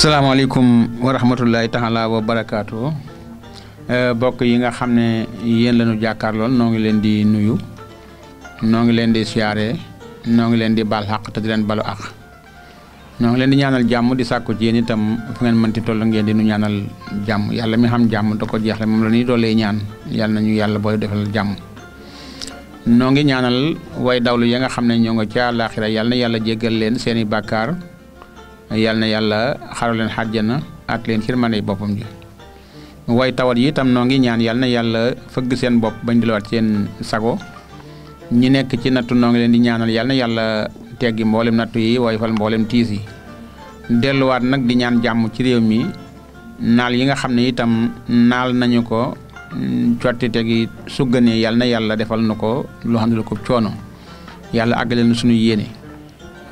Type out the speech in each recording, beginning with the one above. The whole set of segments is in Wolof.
salaamaaleykum wa rahmatullahi taala wa barakaatu eh, bokk yi nga xam ne yéen la ñu jàkkaarlool noo ngi leen di nuyu noo ngi leen di siyaare noo ngi leen di baal xaq te di leen balu àq noo ngi leen di ñaanal jàmm di sàkku ci itam fu ngeen mënti toll ngeen di nu ñaanal jàmm yàlla mi xam jàmm da ko jeexle moom la ñuy doolee ñaan yàlla nañu yàlla booy defal jàmm noo ngi ñaanal way dawlu ya nga xam ne ñoo nga ca àllaaxira yàlla yàlla jéggal leen seeni bàkkaar yal na yàlla xaral leen na ak leen xirmane boppam ji way tawat yi itam noo ngi ñaan yal na yàlla fëgg seen bopp bañ delluwaat seen sago ñi nekk ci nattu noo ngi leen di ñaanal yal na yàlla teggi mboolem nattu yi way fal mboolem tiis yi delluwaat nag di ñaan jàmm ci réew mi naal yi nga xam ne itam naal nañu ko cottite gi sugganee yal na yàlla defal na ko lu xam ne coono yàlla àggale na sunu yéene.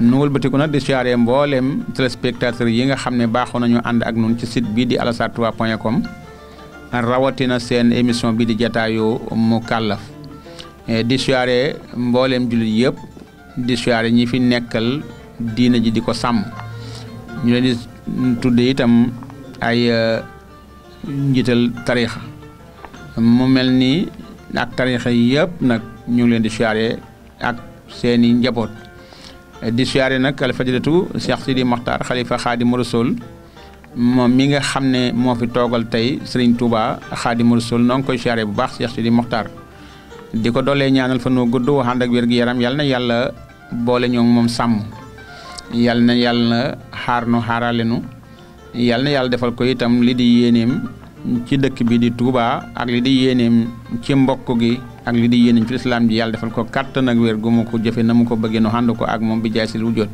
nu wëlbatiku nag di siyaare mbooleem téléspectateurs yi nga xam ne baaxoo nañu ànd ak nun ci sit bii di alazhar touba point com rawatina seen émission bi di jataayu mu kàllaf eh, di siyaare mbooleem jullit yëpp di siyaare ñi fi nekkal diina ji di ko sàmm ñu leen di tudde itam ay eh, njiital tarixa mu mel ni ak tarixa yëpp nag ñu leen di siyaare ak seeni njaboot di siyaare nag alfajratu Cheikh Sidi Mokhtar xalifa Xaadimu Rasuul moom mi nga xam ne moo fi toogal tey Serigne Touba Xaadimu Rasuul noo ngi koy siyaare bu baax Cheikh di Mokhtar di ko doolee ñaanal fa noo gudd ànd ak wér yaram yal na yàlla boole ñoo moom sàmm yal na yàlla xaar nu xaaralenu yal na yàlla defal ko itam li di yéeneem ci dëkk bi di Touba ak li di yéeneem ci mbokk gi ak li di yéeneem ci lislaam ji yàlla defal ko kàttan ak wér gu mu ko jëfe na mu ko bëggee nu ànd ko ak moom bi jaay si lu jot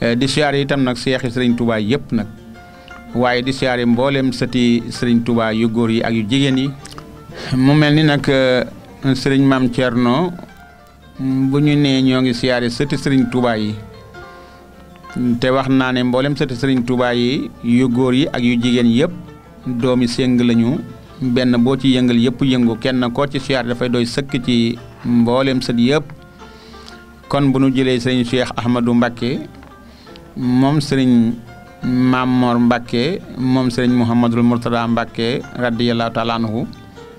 eh, di siyaare itam nag seexi sëriñ Touba yëpp nag waaye di siyaare mbooleem sëti sëriñ Touba yu góor yi ak yu jigéen yi mu mel ni nag eh, sëriñ maam Thierno bu ñu nee ñoo ngi siyaare sëti sëriñ Touba yi te wax naa ne mboolem sëti sëriñ Touba yi yu góor yi ak yu jigéen yëpp doomi séng lañu benn boo ci yëngal yëpp yëngu kenn koo ci siyaar dafay doy sëkk ci mboolem sët yëpp kon bu nu jëlee sëriñ Cheikh Ahmadou Mbacké moom sëriñ Maam Mor Mbacké moom sëriñ Mouhamadul Mourtada Mbacké radiyallahu taala anhu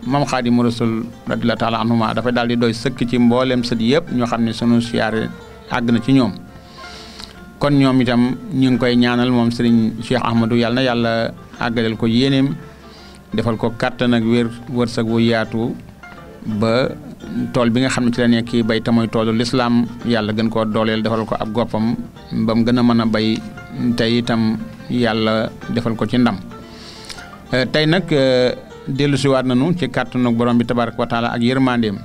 moom Xaadimu Rasul radiyallahu taala anhuma dafay daal di doy sëkk ci mboolem sët yëpp ñoo xam ne sunu siyaare àgg na ci ñoom kon ñoom itam ñu koy ñaanal moom sëriñ Cheikh Ahmadou yàlla yàlla. àggaleel ko yéeneem defal ko kàttanak ak wér wërsëg wu yaatu ba tool bi nga xam ne ci la nekk bay te mooy toolu lislaam yàlla gën koo dooleel defal ko ab goppam ba mu gën a mën a bay tey itam yàlla defal ko ci ndam euh, tey nag na euh, nañu ci kàttanu borom bi tabarak wa taala ak yërmandeem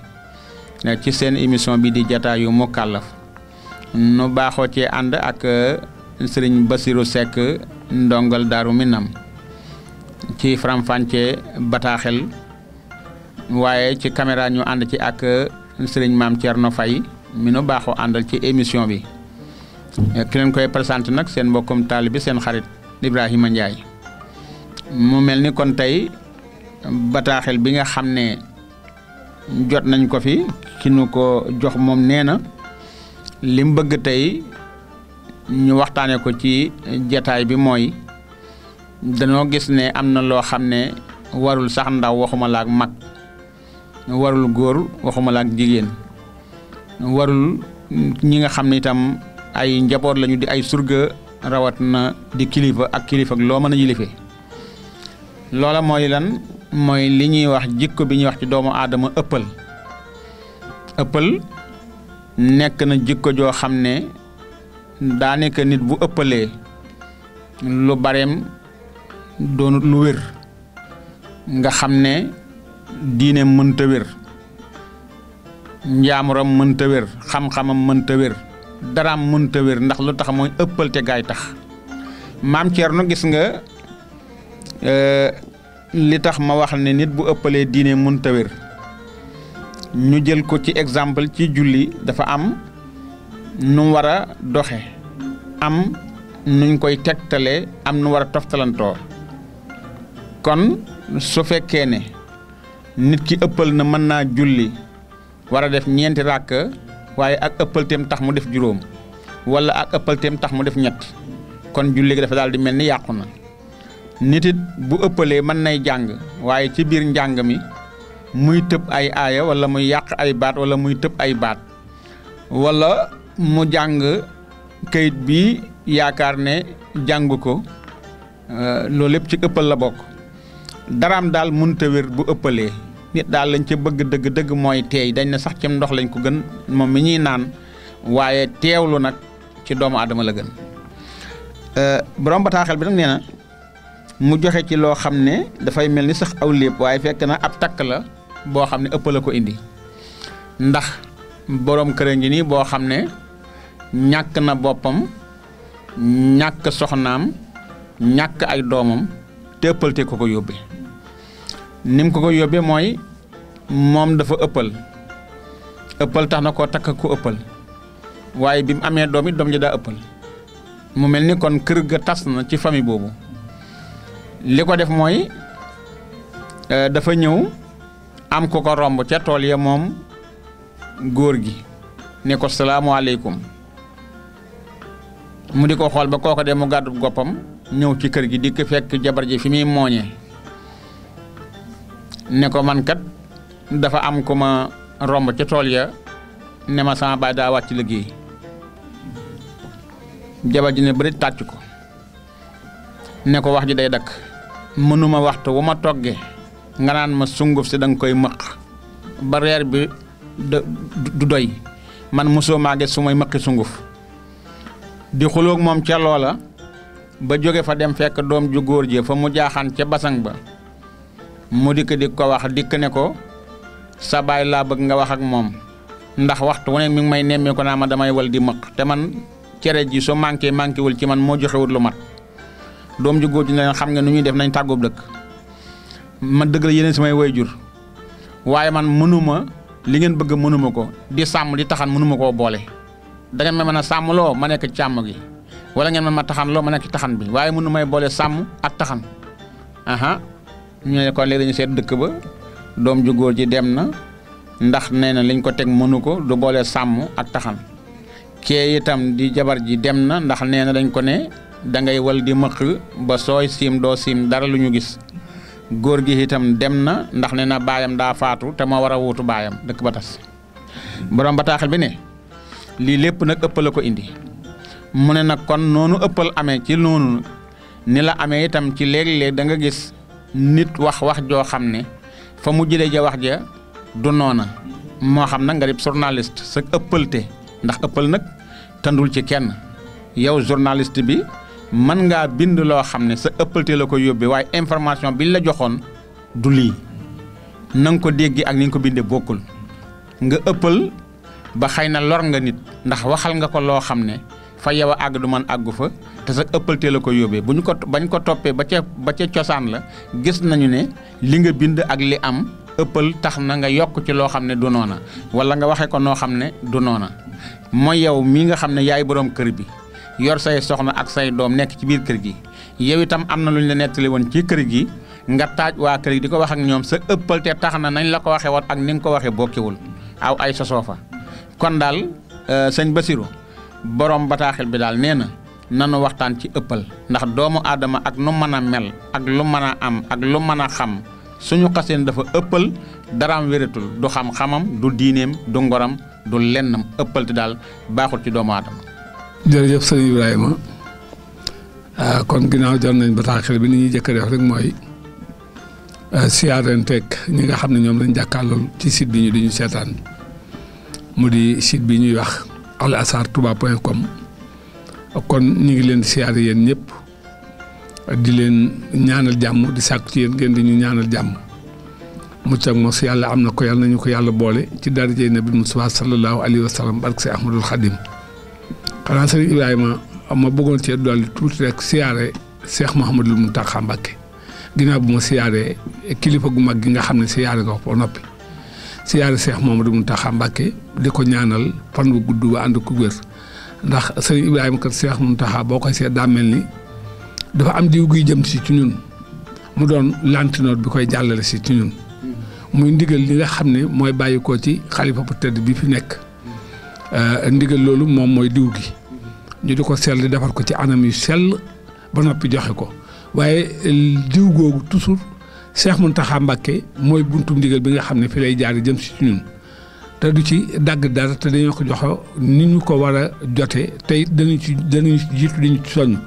euh, ci seen émission bii di jataayu mukallaf nu baaxoo cee ànd ak sëriñ Basirou Seck ndongal daaru Minam ci faram-fàccee bataaxel waaye ci caméra ñu ànd ci ak euh, sëriñ maam Thierno Faye mi nu baaxoo àndal ci émission bi euh, ki leen koy présenté nag seen mbokkum taalibe bi seen xarit Ibrahima Ndiaye mu mel ni kon tey bataaxel bi nga xam ne jot nañ ko fi ki nu ko jox moom nee na lim bëgg tey ñu waxtaane ko ci jataay bi mooy danoo gis ne am na loo xam ne warul sax ndaw waxuma la mag warul góor waxuma jigéen warul ñi nga xam ne itam ay njaboot lañu di ay surga rawat na di kilifa ak kilifa loo mën a yilife loola mooy lan mooy li ñuy wax jikko bi ñuy wax ci doomu aadama ëppal ëppal nekk na jikko joo xam ne daanaka nit bu ëppalee lu bareem doonut lu wér nga xam ne diine mënta wér njaamuram mënta wér xam-xamam mënta wér daraam mënta wér ndax lu tax mooy ëppal te gaay tax maam Thierno gis nga eh, li tax ma wax ne nit bu ëppalee diine mënta wér ñu jël ko ci exemple ci julli dafa am nu war a doxe am nuñ koy tegtale am nu war a toftalantoo kon su fekkee ne nit ki ëppal na mën naa julli war a def ñeenti ràkk waaye ak ëppalteem tax mu def juróom wala ak ëppalteem tax mu def ñett kon julli gi dafa daal di mel ni yàqu na nit bu ëppalee mën nay jàng waaye ci biir njàng mi muy tëb ay aaya wala muy yàq ay baat wala muy tëb ay baat wala mu jàng kayit bi yaakaar ne jàng ko euh, loolu lépp ci ëppal la bokk daraam daal mënta wér bu ëppalee nit daal lañ ca bëgg dëgg dëgg mooy teey dañ ne sax ci ndox lañ ko gën moom mi ñuy naan waaye teewlu nag ci doomu aadama la gën euh, borom bataaxel bi nag nee na mu joxe ci loo xam ne dafay mel ni sax aw lépp waaye fekk na ab takk la boo xam ne ëpp ko indi ndax boroom kër ngi nii boo xam ne ñàkk na boppam ñàkk soxnaam ñàkk ay doomam te ëppal te ko ko yóbbe nim ko ko yóbbee mooy moom dafa ëppal ëppal tax na koo takk ku ëppal waaye bi mu amee doom it doom ja daa ëppal mu mel ni kon kër ga tas na ci famille boobu li ko def mooy euh, dafa ñëw am ko ko romb ca tool ya moom góor gi ne ko salaamaaleykum mu di ko xool ba kooko de mu gàddu goppam ñëw ci kër gi di ko fekk jabar ji fi muy mooñee ne ko man kat dafa am ku ma romb ca tool ya ne ma sama baay daa wàcc liggéey jabar ji ne bëri tàcc ko ne ko wax ji day dakk mënuma waxtu wu ma toggee nga naan ma sunguf si danga nga koy mëq ba reer bi du doy man mosoo maa gis su mëqi sunguf di xuloog moom ca loola ba jóge fa dem fekk doom ju góor ji fa mu jaaxaan ca basang ba mu dikk di ko wax dikk ne ko sa baay laa bëgg nga wax ak moom ndax waxtu wu ne may nemmee ko naa ma damay wal di mëq te man cere ji soo manqué manqué wul ci man moo joxewul lu mat doom ju góor ji ne xam nga nu ñuy def nañ tàggoob dëkk man dëgg la may samay jur waaye man mënuma li ngeen bëgg mënuma ko di sàmm di taxan mënuma koo boole dangeen ngeen ma mën a sàmmloo ma nekk càmm gi wala ngeen mën ma taxan loo ma nekk taxan bi waaye mënu may boole sàmm ak taxan ñu ne kon léegi dañu seet dëkk ba doom ju góor ji dem na ndax nee na liñ ko teg mënu ko du boole sàmm ak taxan kee itam di jabar ji dem na ndax nee na dañ ko ne dangay wal di mëq ba sooy siim doo siim dara lu ñu gis góor gi itam dem na ndax nee na baayam daa faatu te ma war a wuutu baayam dëkk ba tas borom bataaxal bi ne lii lépp nag ëppal a ko indi mu ne nag kon noonu ëppal amee ci noonu ni la amee itam ci léeg-léeg da nga gis. nit wax wax joo xam ne fa mu jëlee ja wax ja du noona moo xam na nga dib journaliste sa ëppalte ndax ëppal nag tëndul ci kenn yow journaliste bi mën nga bind loo xam ne sa ëppalte la ko yóbbee waaye information bi la joxoon du lii nanga ko déggee ak ni nga ko bindee bokkul nga ëppal ba xëy na lor nga nit ndax waxal nga ko loo xam ne fa yow a àgg du man àggu fa te sax ëppaltee la ko yóbbee bu ñu ko bañ ko toppee ba ca ba ca cosaan la gis nañu ne li nga bind ak li am ëppal tax na nga yokk ci loo xam ne du noona wala nga waxee ko noo xam ne du noona mooy yow mii nga xam ne yaay boroom kër bi yor say soxna ak say doom nekk ci biir kër gi yow itam am na lu ñu la nettali woon ci kër gi nga taaj waa kër gi di ko wax ak ñoom sa ëppal tax na nañ la ko waxee woon ak ni nga ko waxee bokkiwul aw ay sosoo kon daal euh, sëñ borom bataaxel bi daal nee na nanu waxtaan ci ëppal ndax doomu aadama ak nu mën a mel ak lu mën a am ak lu mën a xam suñu xaseen dafa ëppal daraam wératul du xam-xamam du diineem du ngoram du lennam ëppal te daal baaxul ci doomu aadama. jërëjëf sëñ Ibrahima ah, kon ginnaaw jot nañ bataaxel bi ni ñuy jëkk rek mooy ah, siyaaranteeg ñi nga xam ne ñoom lañ jàkkaarlool ci site bi ñu di ñu seetaan mu di site bi ñuy wax. alazhar touba point com kon ñu ngi leen di siyaare yéen ñëpp di leen ñaanal jàmm di sàkku ci yéen ngeen di ñu ñaanal jàmm mucc ak mos yàlla am na ko yàlla nañu ko yàlla boole ci darajey nabi Mustafa sallallahu alayhi wa sallam barke si Ahmadul Xadim xanaa sëriñ Ibrahima ma bëggoon cee dolli tuuti rek siyaare Cheikh Mouhamadul Mountakha Mbacké ginnaaw bu ma siyaaree kilifa gu mag gi nga xam ne siyaare nga ko noppi siyaare Seex Mamadu Muntaxa Mbàkke di ko ñaanal fan bu gudd ba ànd ku ndax sëriñ Ibrahima kat Seex Muntaxa boo koy seet daa mel ni dafa am diw guy jëm si ci ñun mu doon lantinoor bi koy jàllale si ñun muy ndigal li nga xam ne mooy bàyyi ko ci xalifa bu tëdd bi fi nekk euh, ndigal loolu moom mooy diw gi ñu di ko sell defar ko ci anam yi sell ba noppi joxe ko waaye diw googu toujours seex mun Mbacké mooy buntu ndigal bi nga xam ne fi lay jaar jëm si ci te du ci dagg dara te dañoo ko joxo ni ñu ko war a jote tey dañu ci dañu jiitu dañu ci soññ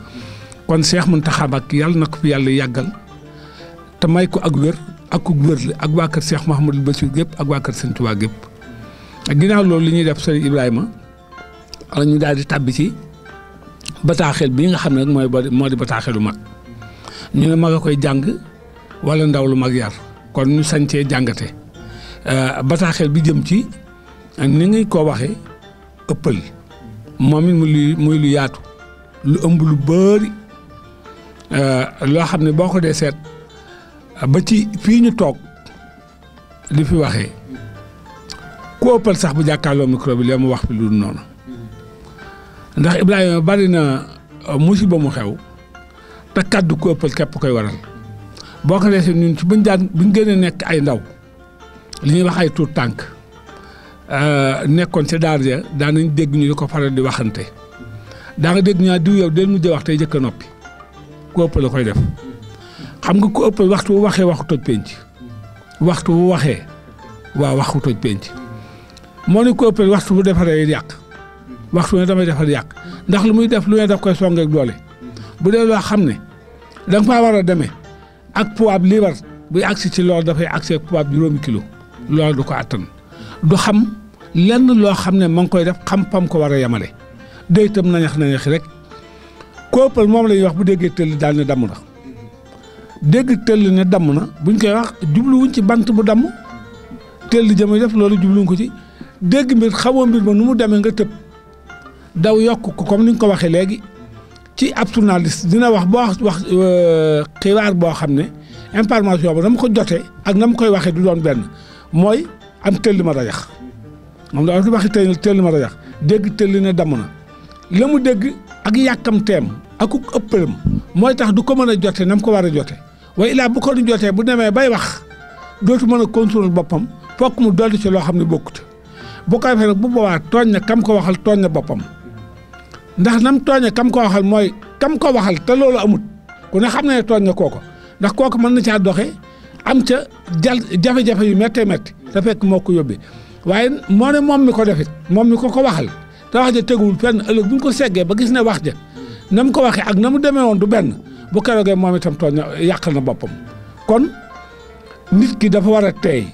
kon seex Mountakha Mbacké yàlla na ko fi yàlla yàggal te may ko ak wér ak ku wérle ak waa kër Cheikh Mouhamadul Bassir gépp ak waa kër Sëñ Tuubaa gépp ginnaaw loolu li ñuy def sëriñ Ibrahima la daldi daal tàbbi ci bataaxel bi nga xam ne mooy moo di bataaxelu mag ñu ne ma nga koy jàng wala ndaw lu mag yar kon ñu sañcee jàngate euh, bataaxel bi jëm ci ni ngay ko waxee ëppal moom it muy lu yaatu lu ëmb lu bëri euh, loo xam ne boo ko dee seet ba ci fii ñu toog di fi waxee ku ëppal sax bu jàkkaarloo micro bi lee mu wax fi lu noonu ndax Ibrahima bari na musiba mu xew te kàddu ku ëppal képp koy waral boo ko defee ñun ci buñ daan buñ ñu a nekk ay ndaw li ñuy wax ay tuut tànk euh, nekkoon ci daara ja daan nañ dégg ñu di ko faral di waxante daa nga dégg ñaa diw yow del mujj wax tey jëkk noppi ku ëpp la koy def xam nga ko ëpp waxtu wu waxee waxu toj penc waxtu bu waxee waa waxu toj penc moo ne ku ëpp waxtu bu defaree yàq waxtu ne damay defar yàq ndax lu muy def lu ne daf koy songeeg doole bu dee loo xam ne danga faa war a demee ak poids bi liibar buy agsi ci loolu dafay agsi ak poids juróomi kilo loolu du ko attan du xam lenn loo xam ne ma ngi koy def xam pam ko war a yemale day tëm nañax nañax rek koppal moom la ñuy wax bu déggee tëll daal ne damm na dégg tëll ne damm na buñ koy wax jubluwuñ ci bant bu damm tëll jëmay def loolu jubluwuñ ko ci dégg mbir xamoo mbir ma nu mu demee nga tëb daw yokk ko comme ni nga ko waxee léegi ci ab journaliste dina wax boo wax euh, xibaar boo xam ne information ba dama ko jotee ak na mu koy waxee du doon benn mooy am tëll ma rajax moom daal di waxi tëll tëll ma rajax dégg tëll ne damm na la mu dégg ak yàkkamteem ak ku ëppalam mooy tax du ko mën a jotee na mu ko war a jote waaye ilaa bu ko nu jotee bu demee bay wax dootu mën a contrôler boppam fokk mu dolli ci loo xam ne bokkut bu ko defee nag bu boobaa tooñ ne kam ko waxal tooñ na boppam. ndax nam tooñe kam ko waxal mooy kam ko waxal te loolu amut ku ne xam ne tooñ nga kooko ndax kooku mën na caa doxe am ca jal jafe-jafe yu méttee mett te fekk moo ko yóbbi waaye moo ne moom mi ko defit moom mi ko ko waxal te wax ja teguwul fenn ëllëg bu ñu ko seggee ba gis ne wax ja nam ko waxee ak na mu demee woon du benn bu keroogee moom itam tooñ yàqal na boppam kon nit ki dafa war a teey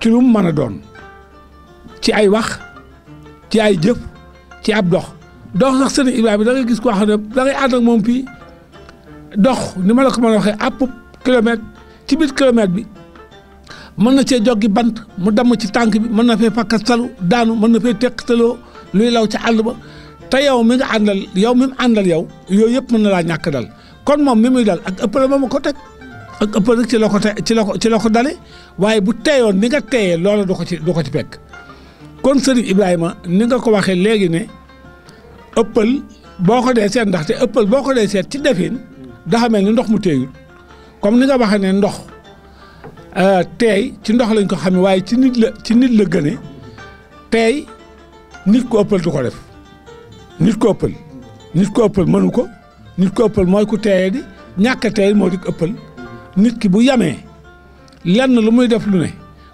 ci lu mu mën a doon ci ay wax ci ay jëf ci ab dox dox sax sëriñ Ibrahima da ngay gis koo xam ne dangay ngay ànd ak moom fii dox ni ma la ko mën waxee àpp kilomètre ci biir kilomètre bi mën na cee joggi bant mu damm ci tànk bi mën na fee fakka salu daanu mën na fee teqtaloo luy law ci àll ba te yow mi nga àndal yow mi mu yow yooyu yëpp mën na laa ñàkk dal kon moom mi muy dal ak ëppale moom ko teg ak ëppal rek ci la ko ci la ko ci la ko dale waaye bu teeyoon ni nga teeyee loola du ko ci du ko ci fekk kon sëriñ Ibrahima ni nga ko waxee léegi ne. ëppal boo ko dee seet te ëppal boo ko dee seet ci defin dafa mel ni ndox mu teeyul comme ni nga waxee ne ndox euh, teey ci ndox lañ ko xamee waaye ci nit la ci nit la gëne teey nit ko ëppal du ko def nit ko ëppal nit ko ëppal mënu ko nit ko ëppal mooy ku teeye di ñàkk a moo di ëppal nit ki bu yamee lenn lu muy def lu ne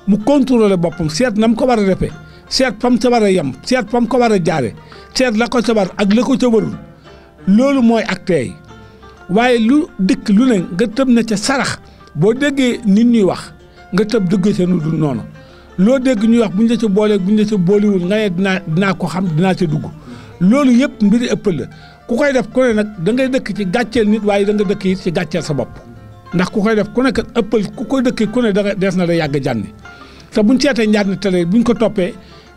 mu contrôler boppam seet nam ko war a defee seet fam sa war a yem seet fam ko war a jaare seet la ko sabar ak la ko ca warul loolu mooy ak tey waaye lu dikk lu ne nga tëb na ca sarax boo déggee nit ñuy wax nga tëb dëgg ca nu noonu loo dégg ñuy wax bu ñu la ca boolee bu ñu la ca boolewul nga ne dinaa dinaa ko xam dinaa ca dugg loolu yëpp mbiri ëppal la ku koy def ku ne nag da ngay dëkk ci gàcceel nit waaye da dëkk it ci gàcceel sa bopp ndax ku koy def ku ne kat ëppal ku ko dëkk ku ne da des na da yàgg jànni sa te buñ seetee njànni tale buñ ko toppee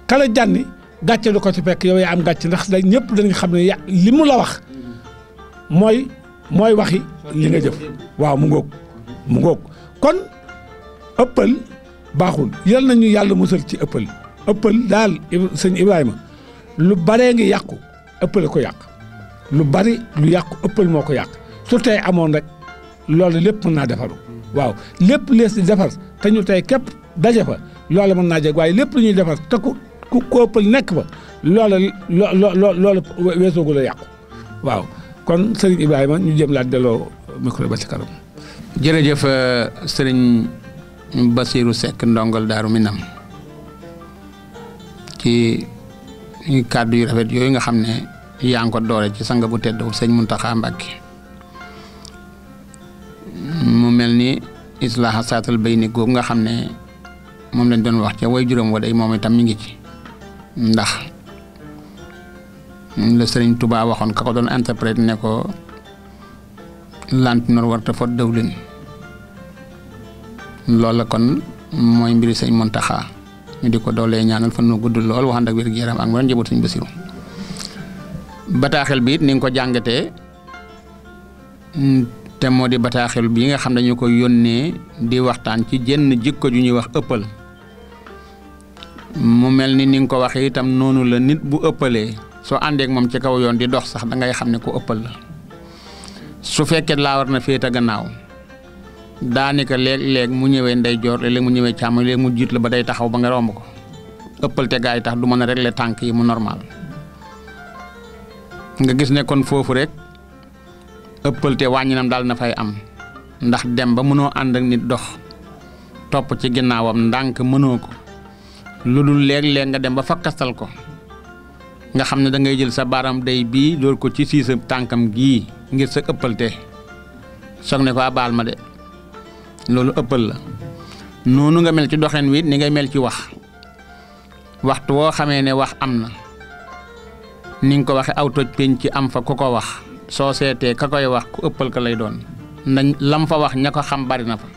kala jànni gàcce du ko ci fekk yow yaa am gàcce ndax dañ ñëpp dañuy xam ne li mu la wax mooy mooy waxi li nga jëf waaw mu ngoog mu ngoog kon ëppal baaxul yal nañu yàlla musal ci ëppal ëppal daal sëñ ibraahima lu baree ngi yàqu ëppale ko yàq lu bari lu yàqu ëppal moo ko yàq su tey amoon rek loolu lépp mën naa defaru waaw lépp lees di defar te ñu tey képp daje fa loolu mën naa jeg waaye lépp lu ñuy defar te ku ku ko ëppal nekk fa loola loo loo loola yàqu waaw kon Serigne Ibrahima ñu jëm laa delloo micro ba ci kanam. jërëjëf euh, Serigne Bassirou Seck ndongal Daaru Minam ci kàddu yu rafet yooyu nga xam ne yaa ngi ko doore ci sang bu tedd sëñ Mountakha Mbacké mu mel ni islaaha saatal bayni googu nga xam ne moom lañ doon wax ca way juróom wa day moom itam mi ngi ci ndax la sëriñ Touba waxoon ka ko doon interprète ne ko lantinoor warta fot dëwlin loola kon mooy mbiri sëñ montaxa ñu di ko doolee ñaanal fan nu gudd lool waxand ak wér ak mu doon jëbal sëñ Basiru bataaxel bi it ni nga ko jàngate te moo di bataaxel bi nga xam dañu ko yónnee di waxtaan ci jenn jikko ju ñuy wax ëppal mu mel ni ni nga ko waxee itam noonu la nit bu ëppalee soo àndeek moom ci kaw yoon di dox sax dangay xam ne ko ëppal la su fekkee laawar war na féete gannaaw daanaka léeg-léeg mu ñëwee ndeyjoor léeg mu ñëwee càmmoñ léeg mu jiit la ba day taxaw ba nga romb ko ëppal te gaa yi tax du mën a régler tànk yi mu normal nga gis ne kon foofu rek ëppal te wàññinam daal na fay am ndax dem ba mënoo ànd ak nit dox topp ci ginnaawam ndànk mënoo ko. lu dul léeg-léeg nga dem ba fakkastal ko nga xam ne da ngay jël sa baaraam day bii loolu ko ci sii sa tànkam gii ngir sa ëppalte soog ne ko abaal ah, ma de loolu ëppal la noonu nga mel ci doxin wi ni ngay mel ci wax waxtu woo xamee ne wax am na ni nga ko waxe aw toj penc ci am fa ku ko wax soo seetee ka koy wax ku ëppal ko lay doon nañ lam fa wax ña ko xam bari na fa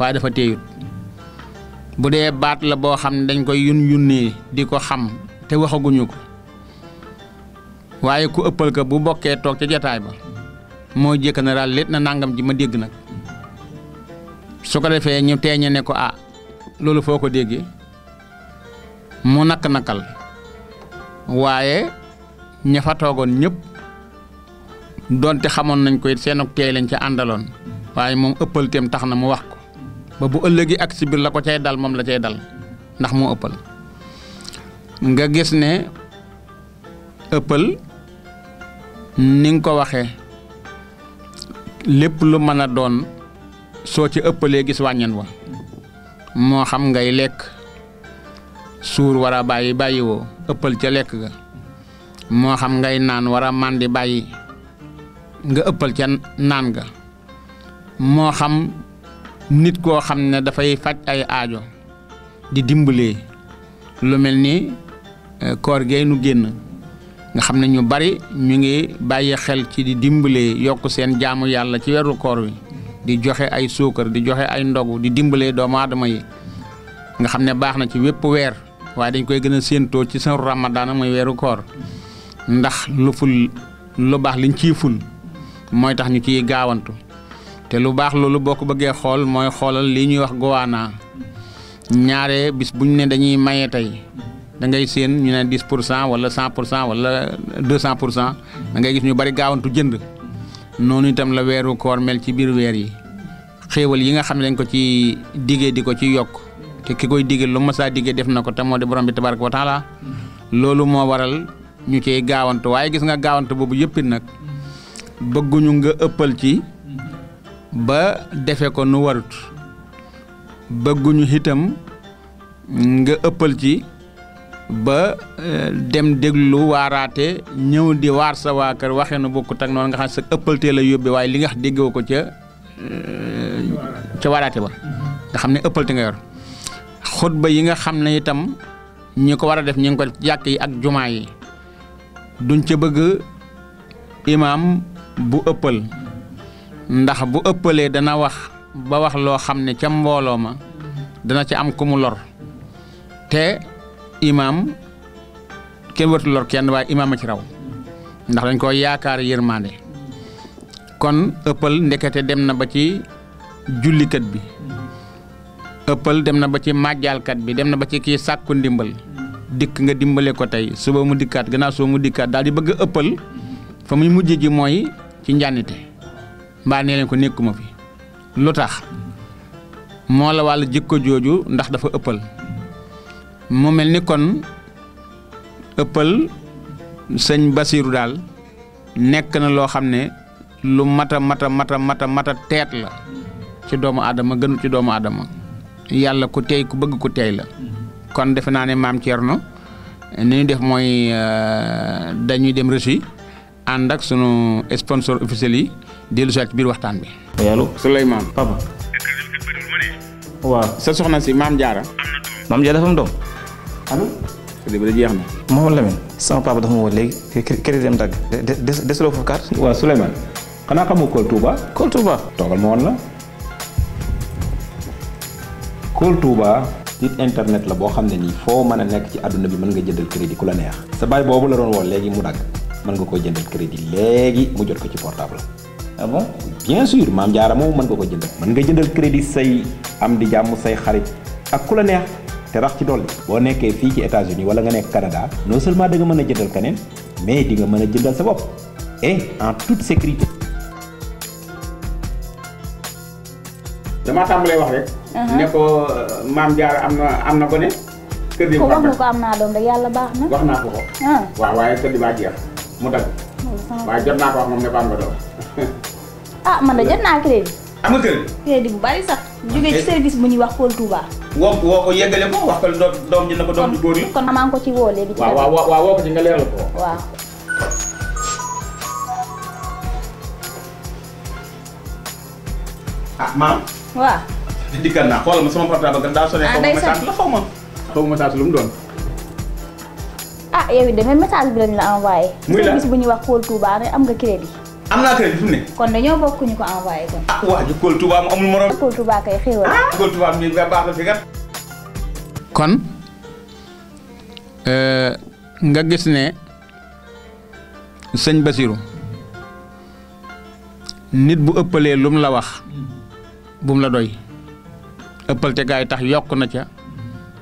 waaye dafa téyut bu dee baat la boo xam ne dañ koy yun yunnee di ko xam te waxaguñu ko waaye ku ëppal ko bu bokkee toog ca jataay ba moo jékk na daal létt na nàngam ji ma dégg nag su ko defee ñu teeñe ne ko ah loolu foo ko déggee mu nakk nakal waaye ña fa toogoon ñépp donte xamoon nañ ko it seen teey lañ ca àndaloon waaye moom ëppal teem tax na mu wax ko ba bu ëllëg yi ak si la ko cay dal moom la cay dal ndax moo ëppal nga gis ne ëppal ni ko waxee lépp lu mën a doon soo ci ëppalee gis wàññen wa moo xam ngay lekk suur war a bàyyi bàyyiwoo ëppal ca lekk ga moo xam ngay naan war a màndi bàyyi nga ëppal ca naan ga moo xam nit koo xam ne dafay faj ay aajo di dimbalee lu mel ni euh, koor gee nu génn nga xam ne ñu bari ñu ngi bàyyi xel ci di dimbalee yokk seen jaamu yàlla ci weeru koor wi di joxe ay suukar di joxe ay ndogu di dimbalee doomu aadama yi nga xam ne baax na ci wépp weer waaye dañ koy gën a séentoo ci seen ramadaan mooy weeru koor ndax lu ful lu baax liñ ciy ful mooy tax ñu ciy gaawantu te lu baax loolu boo ko bëggee xool mooy xoolal lii ñuy wax gowaana ñaare bis bu ñu ne dañuy maye tey da ngay séen ñu ne 10 pour cent wala 100 pour cent wala 200 pour cent ngay gis ñu bari gaawantu jënd noonu itam la weeru koor mel ci biir weer yi xéewal yi nga xam ne dañ ko ci diggee di ko ci yokk te ki koy diggee lu masaa diggee def na ko te moo di borom bi tabaraka wa taala loolu moo waral ñu cey gaawant waaye gis nga gaawantu boobu yëppit nag bëgguñu nga ëppal ci. ba defe ko nu warut bëgguñu itam nga ëppal ci ba eh, dem déglu waaraate ñëw di waar sa waa kër nu na bokkut ak noonu nga xam sa ëppaltee la yóbbee waaye li nga xam déggoo ko ca eh, ca waaraate ba nga xam ne ëppalte nga yor xutba yi nga xam ne itam ñi ko war a def ñi ngi ko jàkk yi ak jumaa yi duñ ci bëgg imaam bu ëppal ndax bu ëppalee dana wax ba wax loo xam ne ca mbooloo ma dana ca am ku mu lor te imaam kenn wërtu lor kenn waaye imaam a ci raw ndax dañ ko yaakaar yërmaande kon ëppal ndekete dem na ba ci jullikat bi ëppal dem na ba ci màjjaalkat bi dem na ba ci kii sàkku ndimbal dikk nga dimbale ko tey suba mu dikkaat gannaaw suba mu dikkaat daal di bëgg ëppal fa muy mujj ji mooy ci njànnite mbaa nee leen ko nekkuma fi lu tax moo la wàll jikko jooju ndax dafa ëppal mu mel ni kon ëppal sëñ Basiiru daal nekk na loo xam ne lu mata mata mata mata mata teet la ci doomu aadama gënu ci doomu aadama yàlla ku tey ku bëgg ku tey la kon defe naa ne maam Thierno ni ñu def mooy euh, dañuy dem reçu ànd ak sunu sponsor officiel yi dellu si biir waxtaan bi. allo. Souleymane. papa. waaw. sa soxna si maam Diarra. maam Diarra dafa am doom. allo. kër ba jeex na. Mouhamadou Lamine. sama papa dafa ma woo léegi crédit dem dagg. des desuloo foofu carte. waaw Souleymane. xanaa xamoo Kool Touba. Kool Touba. toogal ma la. Kool Touba. site internet la boo xam ne nii foo mën a nekk ci àdduna bi mën nga jëndal crédit ku la neex. sa baay boobu la doon woo léegi mu dagg mën nga koo jëndal crédit léegi mu jot ko ci portable ah bon bien sûr maam jaara moom mën nga ko jëndal mën nga jëndal crédit say am di jàmm say xarit ak ku la neex te rax ci dolli boo nekkee fii ci États-Unis wala nga nekk Canada non seulement da mën a jëndal keneen mais di nga mën a jëndal sa bopp et en toute sécurité damaa wax rek uh-huh. ne ko euh, maam jaara am na am na gone kër di ko am naa doom rek yàlla baax na wax naa ko ko ah. waaw waaye kër di baa jeex mu dagg waaye jot naa ko wax moom ne ko am nga doom ah man de jot naa crédit. am nga crédit. crédit bu bari sax. jógee ci service bu ñuy wax Pôle Touba. woo woo ko yeggale ko wax ko doom ji na ko ah, naa xoolal ma sama portable gan daa sonné. ah ma message la ma. xaw ma message lu doon. ah yow it demee message bi lañ la envoyé. service bu ñuy wax Pôle Touba rek am nga crédit. kon dañoo ah, ah, euh, nga gis ne sëñ basiru nit bu ëppalee lum la wax bum la doy ëppal te gaa tax yokk na ca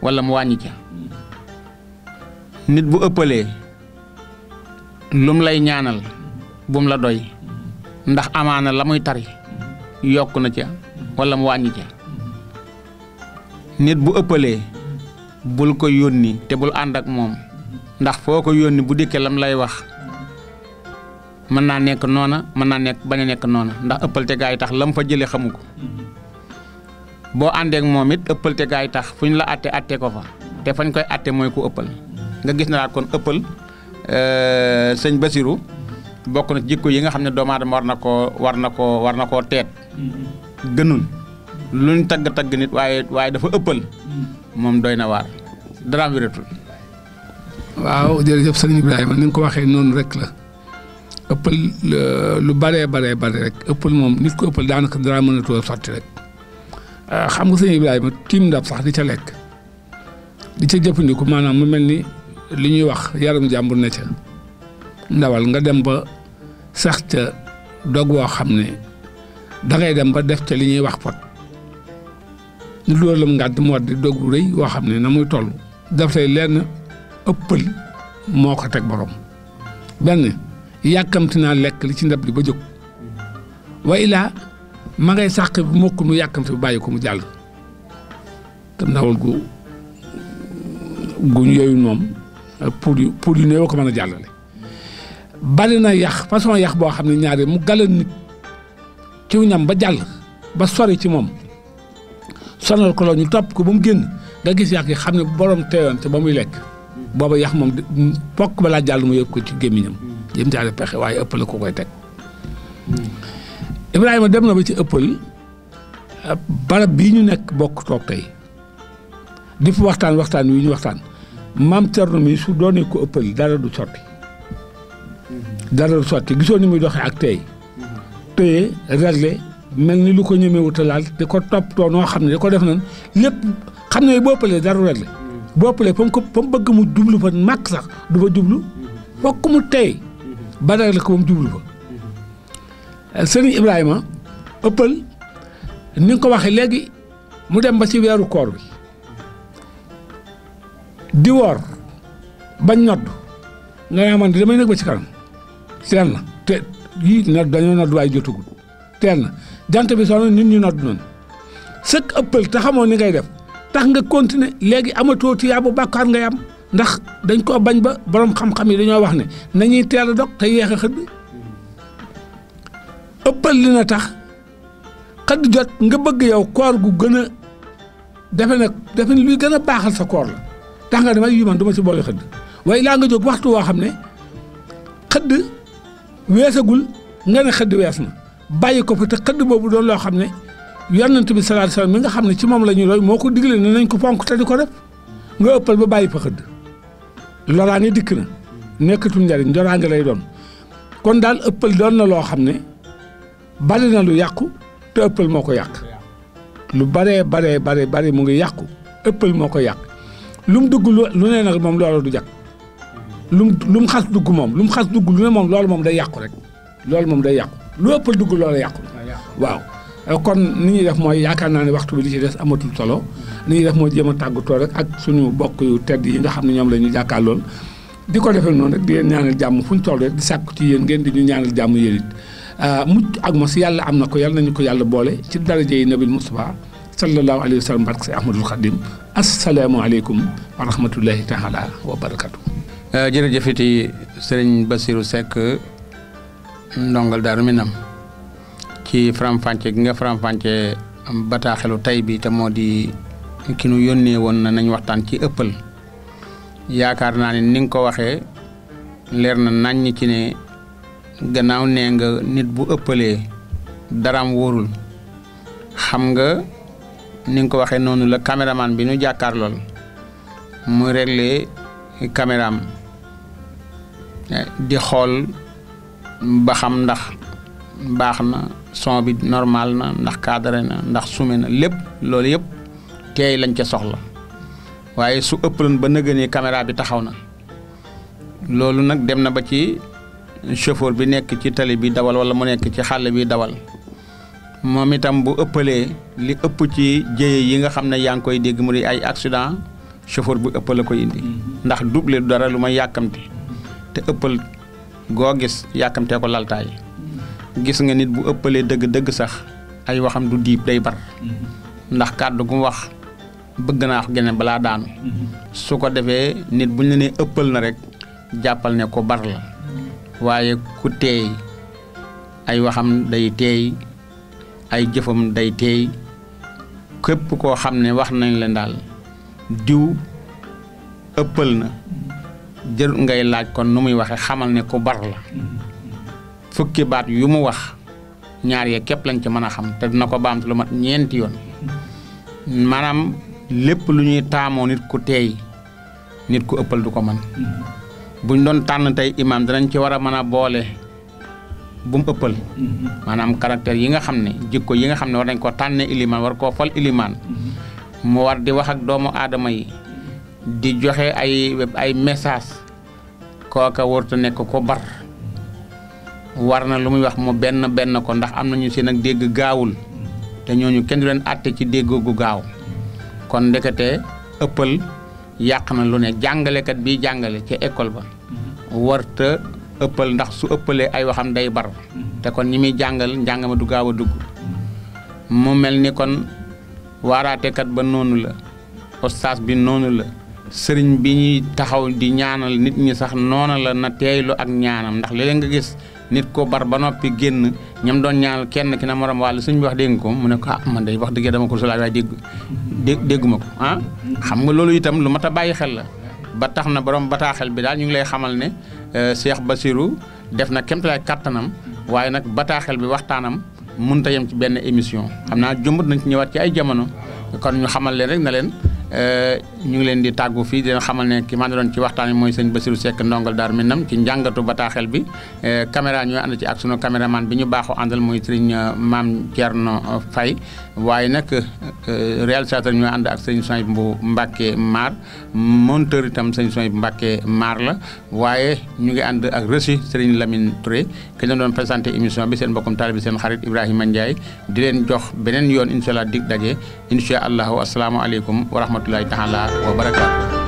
walla mu wàññi ca nit bu ëppalee lum lay ñaanal bum la doy. ndax amaana la muy tari yokk na ca wala mu wàññi ca nit bu ëppalee bul ko yónni te bul ànd ak moom ndax foo ko yónni bu dikkee lam lay wax mën naa nekk noona mën naa nekk bañ a nekk noona ndax ëppalte gaa yi tax lam fa jëlee xamu ko boo àndeek moom it ëppalte gaa yi tax fu ñu la àtte àtte ko fa te fañ koy àttee mooy ku ëppal nga gis na daal kon ëppal euh, sëñ Basiru bokk na jikko yi nga xam ne doomu war na ko war na koo war na koo teet mm-hmm. gënul luñ tagg-tagg nit waaye waaye dafa ëppal mm-hmm. moom doy na waar daraam wératul waaw jërëjëf sëriñ Ibrahima ni nga ko waxee noonu rek la ëppal lu baree baree bare rek ëppal moom nit ko ëppal daanaka dara mënatoo sotti rek ah, xam nga sëriñ Ibrahima tiim ndab sax di ca lekk di ca jëfandiku maanaam mu mel ni li ñuy wax yaram jàmbur na ca ndawal nga dem ba sax ca dog woo xam ne dangay dem ba def ca li ñuy wax pot ñu loolu la mu ngànt mu war di dog bu rëy woo xam ne na muy toll dafa lay lenn ëppal moo ko teg boroom benn yàkkamti naa lekk li ci ndab li ba jóg wa ilaa ma ngay sàq bi mokk mu yàkkamti bu bàyyi ko mu jàll te ndawal gu guñ yooyu moom pour yu pour yu néew ko mën a jàllale bari na yax façon yax boo xam ne ñaari mu gala nit ci ñam ba jàll ba sori ci moom sonal ko loolu ñu topp ko ba mu génn nga gis yàq yi xam ne borom teewoon te ba muy lekk booba yax moom ba laa jàll mu yëpp ko ci gémmiñam jëm jaare pexe waaye ëppal ko koy teg Ibrahima dem na ba ci ëppal barab bii ñu nekk bokk toog tey di fi waxtaan waxtaan wi ñu waxtaan maam Thierno mi su doonee ko ëppal dara du sotti dara du sotti gisoo ni muy doxee ak tey téye réglé mel ni lu ko ñemee wutalaal di ko toppatoo noo xam ne di ko def nan lépp xam ne boo pëlee dara du réglé boo pëlee ko fa mu bëgg mu jublu fa màkk sax du fa jublu bokk mu tey ba réglé ko ba mu jublu fa sëriñ Ibrahima ëppal ni nga ko waxee léegi mu dem ba ci weeru koor bi di woor bañ nodd nga ne man di damay nag ba ci kanam teel na te yii na dañoo nodd waaye jotagul teel na jant bi sono nit ñu nodd noonu sëkk ëppal te xamoo ni ngay def tax nga continuer léegi amatoo ti tiyaabu bàkkaar ngay am ndax dañ koo bañ ba borom xam-xam yi dañoo wax ne nañuy teel a dog te yeex a xëdd ëppal li na tax xëdd jot nga bëgg yow koor gu gën a defe ne defe ne luy gën a baaxal sa koor la tax nga damay yu man ci ma si boole xëdd waaye laa nga jóg waxtu woo xam ne xëdd weesagul nga ne xëdd wees na bàyyi ko fa te xëdd boobu doon loo xam ne yonent bi sallallahu alayhi wasallam mi nga xam ne ci moom la ñu roy moo ko digle ne nañ ko fonk te di ko def nga ëppal ba bàyyi fa xëdd loraange dikk na nekkatul njariñ loraange lay doon kon daal ëppal doon na loo xam ne bari na lu yàqu te ëppal moo ko yàq lu baree baree bare bari mu ngi yàqu ëppal moo ko yàq lu mu dugg lu ne nag moom loolu du jàkk lu mu lu mu xas dugg moom lu mu xas dugg lu ne moom loolu moom day yàqu rek loolu moom day yàqu lu ëppal dugg loolu yàqu. waaw euh, kon ni ñuy def mooy yaakaar naa ne waxtu bi ci des amatul solo. ni mm-hmm. ñuy def mooy jéem a tàggatoo rek ak suñu bokk yu tedd yi nga xam ne ñoom la ñu jàkkaarlool. di ko defee noonu rek di leen ñaanal jàmm fu ñu toll rek di sàkku ci yéen ngeen di ñu ñaanal jàmm yéen euh, mucc ak mos yàlla am na ko yàlla nañu ko yàlla boole ci daraje yi nabil Mustafa sallallahu alayhi wa sallam barke si Ahmadul Xadim asalaamaaleykum wa rahmatullahi taala wa barakatu Euh, jërëjëfiti sëriñ Bassirou Seck ndongol Daaru Minam ci faram-fàcce gi nga faram-fàcce bataaxelu tay bi te moo di ki nu yónnee woon na nañ waxtaan ci ëppal yaakaar naa ne ni nga ko waxe leer na naññ ci ne gannaaw nee nga nit bu ëppalee daraam wóorul xam nga ni nga ko waxee noonu la caméraman bi nu jàkkaar lool muy réglé caméraam di xool ba xam ndax baax na son bi normal na ndax cadré na ndax sumé na lépp loolu yëpp teey lañ ca soxla waaye su ëppaloon ba nëgë ni bi taxaw na loolu nag dem na ba ci chauffeur bi nekk ci tali bi dawal wala mu nekk ci xàll bi dawal moom itam bu ëppalee li ëpp ci jëye yi nga xam ne yaa ngi koy dégg mu di ay accident chauffeur bu ëppale ko indi mm-hmm. ndax double du dara lu ma yàkkamti te ëppal goo gis yàkkamtee ko laltaay gis nga nit bu ëppalee dëgg-dëgg sax ay waxam du diib day bar ndax kàddu gu wax bëgg naa ko gene balaa daanu su ko defee nit bu ñu ëppal na rek jàppal ne ko bar la waaye ku teey ay waxam day teey ay jëfam day teey képp koo xam ne wax nañ leen daal diw ëppal na jërut ngay laaj kon nu muy waxee xamal ne ku bar la fukki baat yu mu wax ñaar yee képp lañ ci mën a xam te na ko baamtu lu mat ñeenti yoon maanaam lépp lu ñuy taamoo nit ku teey nit ku ëppal du ko mën buñ doon tànn tey imaam danañ ci war a mën a boole bu mu ëppal maanaam caractère yi nga xam ne jikko yi nga xam ne war nañ koo tànnee ilimaan war koo fal ilimaan mu war di wax ak doomu aadama yi di joxe ay ay message kooka warta nekk ko bar war na lu muy wax mu benn benn ko ndax am nañu seen ak dégg gaawul te ñooñu kenn du leen àtte ci déggoo gu gaaw kon ndekete ëppal yàq na lu ne jàngalekat bi jàngale ca école ba warta ëppal ndax su ëppalee ay waxam day bar te kon ñi muy jàngal njàng ma du gaaw a dugg mu mel ni kon waaraatekat ba noonu la ostaas bi noonu la sëriñ bi ñuy taxaw di ñaanal nit ñi sax noona la na teeylu ak ñaanam ndax léeg nga gis nit ko bar ba noppi génn ñam doon ñaanal kenn ki na morom wàll suñ bi wax dégg ko mu ne ko ah man wax dëgg dama ko sulaaj waaye dégg dégguma ko ah xam nga loolu itam lu mat a bàyyi xel la ba tax na borom bataaxel bi daal ñu ngi lay xamal ne euh, Cheikh Basirou def na kémtalaay kattanam waaye nag bataaxel bi waxtaanam mënut a yem ci benn émission xam naa jëmbat nañ ci ñëwaat ci ay jamono kon ñu xamal leen rek na leen Euh, ñu ngi leen di tàggu fii di xamal ne ki ma doon ci waxtaan bi mooy sëñ Bassirou Seck ndongal Daaru Minam ci njàngatu bataaxel bi euh, caméra ñooy ànd ci ak sunu caméraman bi ñu baaxoo àndal muy sëriñ euh, Maam Thierno Faye waaye nag réalisateur ñooy ànd ak sëñ Soy bu Mbacke Mar monteur itam sëñ Soy bu Mbacke Mar la waaye ñu ngi ànd ak reçu sëriñ Lamine Touré ki ñu doon présenté émission bi seen mbokkum taalibe seen xarit Ibrahima Ndiaye di leen jox beneen yoon incha allah dig daje incha allahu asalaamaaleykum wa rahmatulah rahmatullahi taala wa barakaatu